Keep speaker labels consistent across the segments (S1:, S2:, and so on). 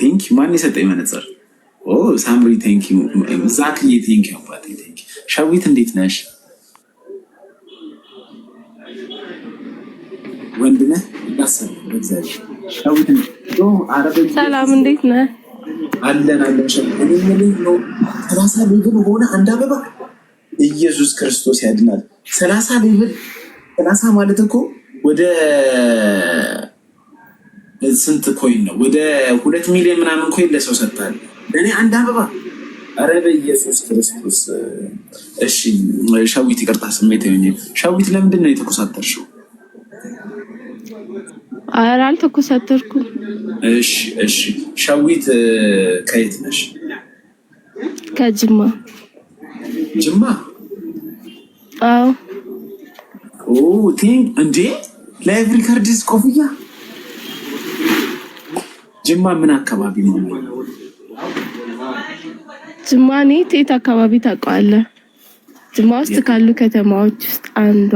S1: ቴንክ oh, oh, ማን የሰጠኝ መነጽር? ሳምሪ ቴንክ ዛክዬ ቴንክ አባቴ ቴንክ። ሸዊት እንዴት ነሽ? ወንድ ነህ?
S2: ሰላም እንዴት ነህ?
S1: አለን አለን። ሰላሳ ሌብል ሆነ አንድ አበባ። ኢየሱስ ክርስቶስ ያድናል። ሰላሳ ሌብል ሰላሳ ማለት እኮ ወደ ስንት ኮይን ነው? ወደ ሁለት ሚሊዮን ምናምን ኮይን ለሰው ሰጥታል። እኔ አንድ አበባ። አረ በኢየሱስ ክርስቶስ። እሺ ሻዊት፣ ይቅርታ ስሜት ሆ ሻዊት፣ ለምንድን ነው የተኮሳተርሽው?
S2: አረ አልተኮሳተርኩም።
S1: እሺ እሺ። ሻዊት ከየት ነሽ? ከጅማ። ጅማ? አዎ። ቲንክ እንዴ! ላይቭ ሪከርድስ ኮፍያ ጅማ ምን አካባቢ ነው?
S2: ጅማ እኔ ቴት አካባቢ ታውቀዋለህ? ጅማ ውስጥ ካሉ ከተማዎች ውስጥ አንዷ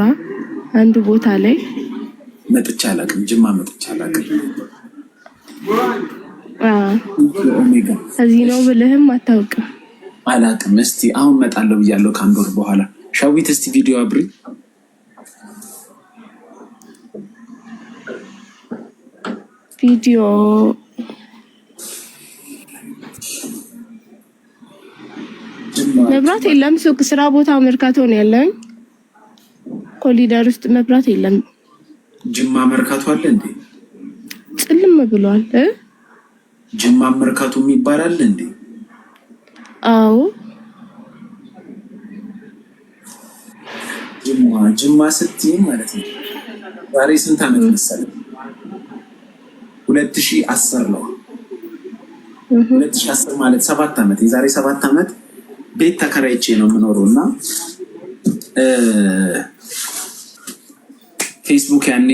S2: አንድ ቦታ ላይ
S1: መጥቻ አላውቅም። ጅማ መጥቻ አላውቅም።
S2: እዚህ ነው ብልህም አታውቅም።
S1: አላውቅም። እስቲ አሁን መጣለው ብያለው ከአንድ ወር በኋላ ሻዊት፣ እስቲ ቪዲዮ አብሪ
S2: ቪዲዮ መብራት የለም። ሱቅ፣ ስራ ቦታ መርካቶ ነው ያለኝ። ኮሊደር ውስጥ መብራት የለም።
S1: ጅማ መርካቶ አለ እንዴ?
S2: ጭልም ብሏል።
S1: ጅማ መርካቶ የሚባል አለ እንዴ? አዎ ጅማ ጅማ ስትይ ማለት ነው። ዛሬ ስንት አመት መሰለ? ሁለት ሺህ አስር ነው። ሁለት ሺህ አስር ማለት ሰባት አመት የዛሬ ሰባት አመት ቤት ተከራይቼ ነው የምኖረው እና ፌስቡክ ያኔ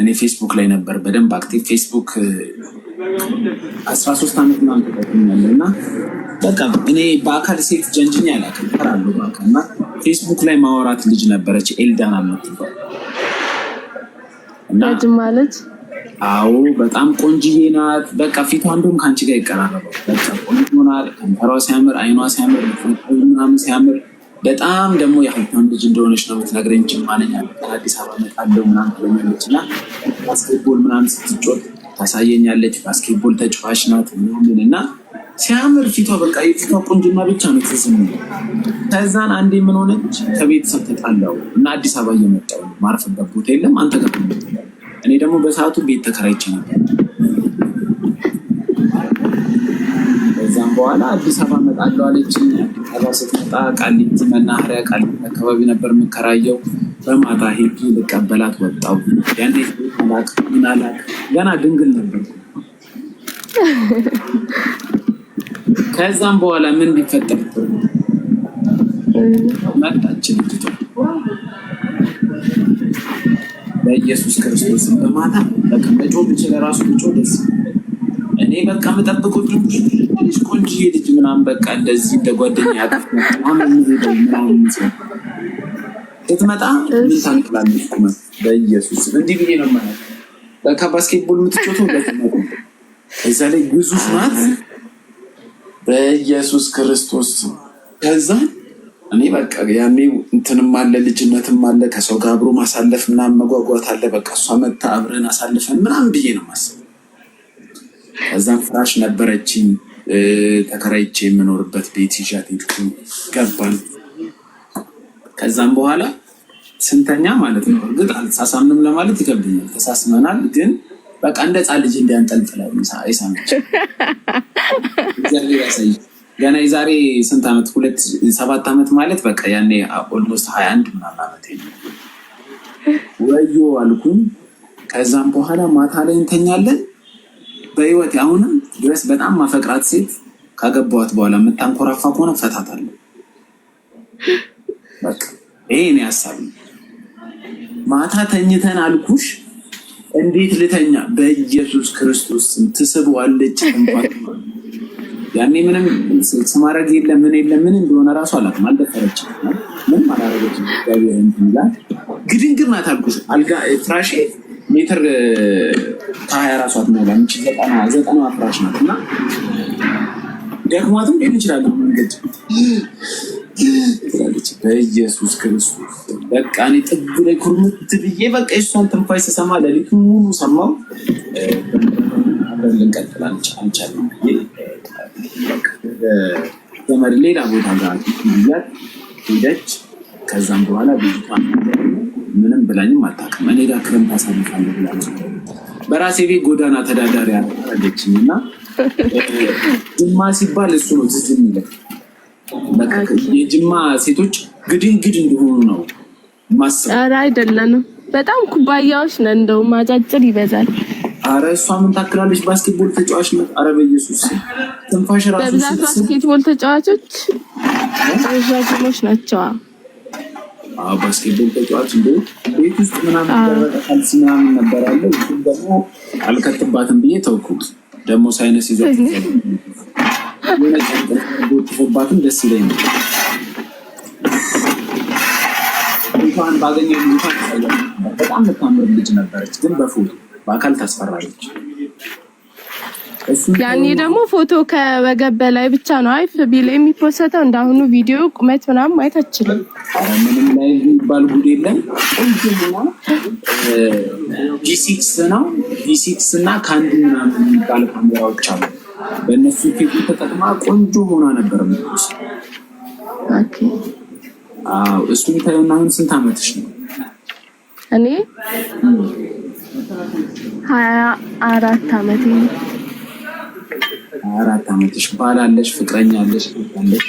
S1: እኔ ፌስቡክ ላይ ነበር በደንብ አክቲቭ። ፌስቡክ አስራ ሶስት ዓመት ምናምን ተጠቅሜያለሁ እና በቃ እኔ በአካል ሴት ጀንጅኝ አላውቅም እጠራለሁ በአካል እና ፌስቡክ ላይ ማወራት ልጅ ነበረች ኤልዳን የምትባል ማለት አዎ በጣም ቆንጅዬ ናት። በቃ ፊቷ እንደውም ከአንቺ ጋር ይቀራረባል። በቃ ያምራል፣ ከንፈሯ ሲያምር፣ አይኗ ሲያምር፣ ምናምን ሲያምር በጣም ደግሞ የሀብታም ልጅ እንደሆነች ነው የምትነግረኝ። ጅማ ከአዲስ አበባ መጣለው ምናምን ትለኛለች እና ባስኬትቦል ምናምን ስትጮት ታሳየኛለች። ባስኬትቦል ተጫዋች ናት ምናምን እና ሲያምር ፊቷ በቃ የፊቷ ቁንጅና ብቻ ነው ትዝ ከዛን አንዴ ምን ሆነች ከቤተሰብ ተጣላው እና አዲስ አበባ እየመጣው ማረፍበት ቦታ የለም አንተ እኔ ደግሞ በሰዓቱ ቤት ተከራይቼ ነበር በኋላ አዲስ አበባ እመጣለሁ አለችኝ። አባ ስትመጣ ቃሊቲ መናኸሪያ ቃሊቲ አካባቢ ነበር የምከራየው። በማታ ሄጄ ልቀበላት ወጣው። ያኔ ላክ ምናላክ ገና ድንግል ነበር። ከዛም በኋላ ምን ሊፈጠር መጣች ልጅቷ በኢየሱስ ክርስቶስ በማታ በቃ መጮህ ብችል ራሱ ብጮህ ደስ እኔ በቃ የምጠብቀው ልጅ ቆንጅዬ ልጅ ምናምን በቃ እንደዚህ እንደ ጓደኛ ያጠፍ ስትመጣ ምን ታንቅላለች? በኢየሱስ እንዲህ ብዬ ነው ማለት በቃ ባስኬትቦል የምትጮቱ እዛ ላይ ግዙፍ ናት። በኢየሱስ ክርስቶስ ከዛ እኔ በቃ ያኔ እንትንም አለ ልጅነትም አለ ከሰው ጋር አብሮ ማሳለፍ ምናምን መጓጓት አለ። በቃ እሷ መታ አብረን አሳልፈን ምናምን ብዬ ነው ማሰብ። ከዛም ፍራሽ ነበረችኝ ተከራይቼ የምኖርበት ቤት ይዣት ሄድኩኝ፣ ገባን። ከዛም በኋላ ስንተኛ ማለት ነው። እርግጥ አልተሳሳምንም ለማለት ይከብድኛል፣ ተሳስመናል ግን በቃ እንደ ጻ ልጅ እንዲያንጠልጥላል ገና የዛሬ ስንት ዓመት ሁለት ሰባት ዓመት ማለት በቃ ያኔ ኦልሞስት ሀያ አንድ ምናምን ዓመት ወዮ አልኩኝ። ከዛም በኋላ ማታ ላይ እንተኛለን በህይወት አሁንም ድረስ በጣም ማፈቅራት ሴት ካገባዋት በኋላ የምታንኮራፋ ከሆነ ፈታት አለው። ይሄ እኔ ሀሳብ ነው። ማታ ተኝተን አልኩሽ እንዴት ልተኛ? በኢየሱስ ክርስቶስ ትስበዋለች። ያኔ ምንም ስማረግ የለ ምን የለ ምን እንደሆነ ራሱ አላውቅም። አልደፈረች ምንም አላረገችም። ግድንግር ናት አልኩሽ። ፍራሼ ሜትር ከሀያ ራሷ ትሞላ ዘጠና ዘጠና ፍራሽ ናት እና ደክማትም ሊሆን ይችላል መንገድ ትላለች። በኢየሱስ ክርስቶስ በቃ እኔ ጥግ ላይ ኩርምት ብዬ በቃ የሷን ትንፋሽ ስሰማ ለሊቱ ሙሉ ሰማው። አብረን ልንቀጥል አልቻልንም ብዬ ዘመድ ሌላ ቦታ ጋር ብያት ሄደች። ከዛም በኋላ ብዙ ምንም ብላኝም አታውቅም። እኔ ጋር ክረምት አሳልፋለሁ ብላ በራሴ ቤት ጎዳና ተዳዳሪ አለችኝ እና ጅማ ሲባል እሱ ነው ትዝ የሚለው። የጅማ ሴቶች ግድንግድ እንደሆኑ ነው ማሰብ። ኧረ አይደለንም፣ በጣም ኩባያዎች ነን። እንደውም አጫጭር ይበዛል። አረ እሷ ምን ታክላለች? ባስኬትቦል ተጫዋች ናት። አረ በኢየሱስ ትንፋሽ ራሱ በብዛት ባስኬትቦል ተጫዋቾች ረዣዥሞች ናቸዋ። ባስኬትቦል ተጫዋች እንደ ቤት ውስጥ ምናምን ደረቀ ካልሲ ምናምን ነበር ያለ ደግሞ አልከትባትም ብዬ ተውኩት። ደግሞ ሳይነስ ይዞ ጥፎባትም ደስ ይለኛል። እንኳን ባገኘ በጣም ምታምር ልጅ ነበረች፣ ግን በፎቶ በአካል ታስፈራለች። ያኔ ደግሞ ፎቶ ከወገብ በላይ ብቻ ነው አይፍ ቢል የሚፖሰተው። እንዳሁኑ ቪዲዮ ቁመት ምናምን ማየት አችልም። ምንም ላይ የሚባል ጉድ የለም። ቆንጆና ነው ጂሲክስ እና ከአንድ ምናምን የሚባል ካሜራዎች አሉ። በእነሱ ፊት ተጠቅማ ቆንጆ ሆና ነበር። እሱ ታየና አሁን ስንት አመትሽ ነው? እኔ ሀያ አራት አመት አራት ዓመትሽ ባል አለሽ? ፍቅረኛ አለሽ? አለሽ?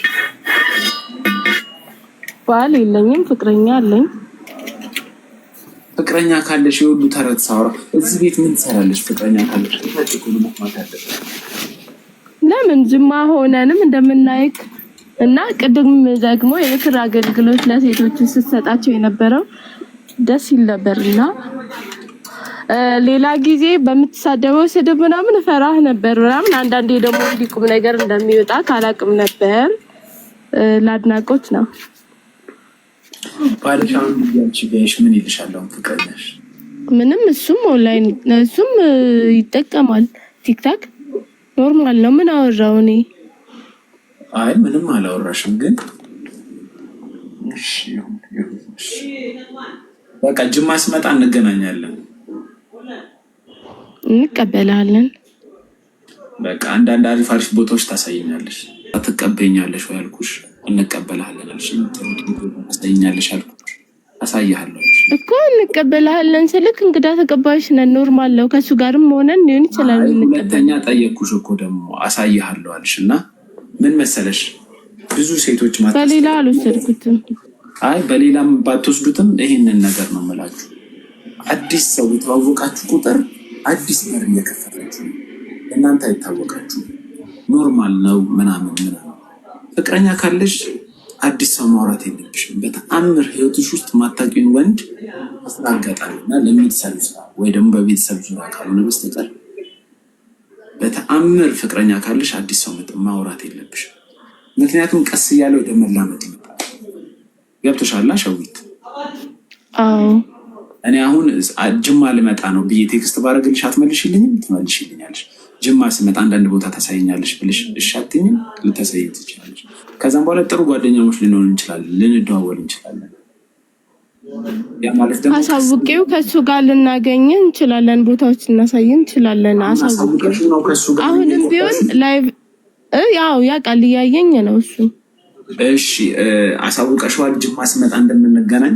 S1: ባል የለኝም፣ ፍቅረኛ አለኝ። ፍቅረኛ ካለሽ የሁሉ ተረት ሳውራ እዚህ ቤት ምን ትሰራለሽ? ፍቅረኛ ካለሽ ለምን ጅማ ሆነንም እንደምናይክ እና ቅድም ደግሞ የምክር አገልግሎት ለሴቶች ስትሰጣቸው የነበረው ደስ ይል ነበር እና ሌላ ጊዜ በምትሳደበው ስድብ ምናምን ፈራህ ነበር ምናምን። አንዳንዴ ደግሞ እንዲቁም ነገር እንደሚወጣ ካላቅም ነበር። ለአድናቆት ነው ምን ፍቅር ምንም። እሱም ኦንላይን እሱም ይጠቀማል ቲክታክ ኖርማል ነው። ምን አወራው እኔ? አይ ምንም አላወራሽም፣ ግን በቃ ጅማ ስመጣ እንገናኛለን። እንቀበላለን። በቃ አንዳንድ አሪፍ አሪፍ ቦታዎች ታሳይኛለሽ፣ ትቀበኛለሽ ወይ አልኩሽ። እንቀበልሃለን አልሽ፣ ታሳይኛለሽ አልኩሽ። አሳይሃለሁ እኮ እንቀበላለን ስልክ እንግዳ ተቀባዮች ነን። ኖርማል ነው። ከእሱ ጋርም ሆነን ሊሆን ይችላል። ሁለተኛ ጠየቅኩሽ እኮ ደግሞ አሳይሃለሁ አልሽ እና ምን መሰለሽ ብዙ ሴቶች በሌላ አልወሰድኩትም። አይ በሌላም ባትወስዱትም ይሄንን ነገር ነው የምላችሁ አዲስ ሰው የተዋወቃችሁ ቁጥር አዲስ በር እየከፈታችሁ ነው። እናንተ አይታወቃችሁ ኖርማል ነው ምናምን ምናምን። ፍቅረኛ ካለሽ አዲስ ሰው ማውራት የለብሽም። በተአምር ህይወትሽ ውስጥ ማታቂን ወንድ እና ለሚትሰብ ወይ ደግሞ በቤተሰብ ዙሪያ ካልሆነ በስተቀር በተአምር ፍቅረኛ ካለሽ አዲስ ሰው ማውራት የለብሽም። ምክንያቱም ቀስ እያለ ወደ መላመድ ይመጣል። ገብቶሻላ ሸዊት? አዎ እኔ አሁን ጅማ ልመጣ ነው ብዬ ቴክስት ባረግልሽ አትመልሽልኝም? ትመልሽልኛለሽ። ጅማ ስመጣ አንዳንድ ቦታ ታሳይኛለሽ ብልሽ እሻትኝም ልታሳይ ትችላለች። ከዛም በኋላ ጥሩ ጓደኛሞች ልንሆን እንችላለን፣ ልንደዋወል እንችላለን። አሳውቄው ከሱ ጋር ልናገኝ እንችላለን፣ ቦታዎች ልናሳይ እንችላለን። አሁንም ቢሆን ላይ ያው ያ ቃል እያየኝ ነው እሱ። እሺ አሳውቀሽዋል ጅማ ስመጣ እንደምንገናኝ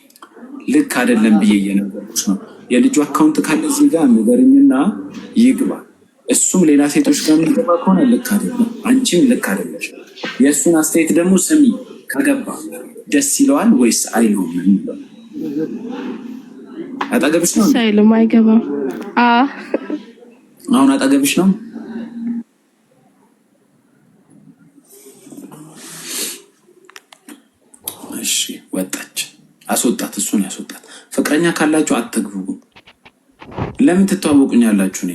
S1: ልክ አይደለም ብዬ እየነገርኩሽ ነው። የልጁ አካውንት ካለ እዚህ ጋር ንገርኝና ይግባ። እሱም ሌላ ሴቶች ጋር የሚገባ ከሆነ ልክ አይደለም፣ አንቺም ልክ አይደለሽ። የእሱን አስተያየት ደግሞ ስሚ። ከገባ ደስ ይለዋል ወይስ አይለውም? አጠገብሽ ነው አይገባም። አሁን አጠገብሽ ነው ያስወጣት፣ እሱን ያስወጣት። ፍቅረኛ ካላችሁ አትግቡ። ለምን ትተዋወቁኛላችሁ? እኔ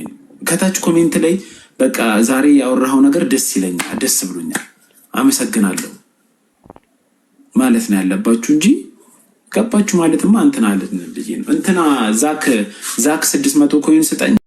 S1: ከታች ኮሜንት ላይ በቃ ዛሬ ያወራኸው ነገር ደስ ይለኛል፣ ደስ ብሎኛል፣ አመሰግናለሁ ማለት ነው ያለባችሁ እንጂ ገባችሁ ማለትማ እንትና አለት ብዬ ነው እንትና ዛክ ዛክ ስድስት መቶ ኮይን ስጠኝ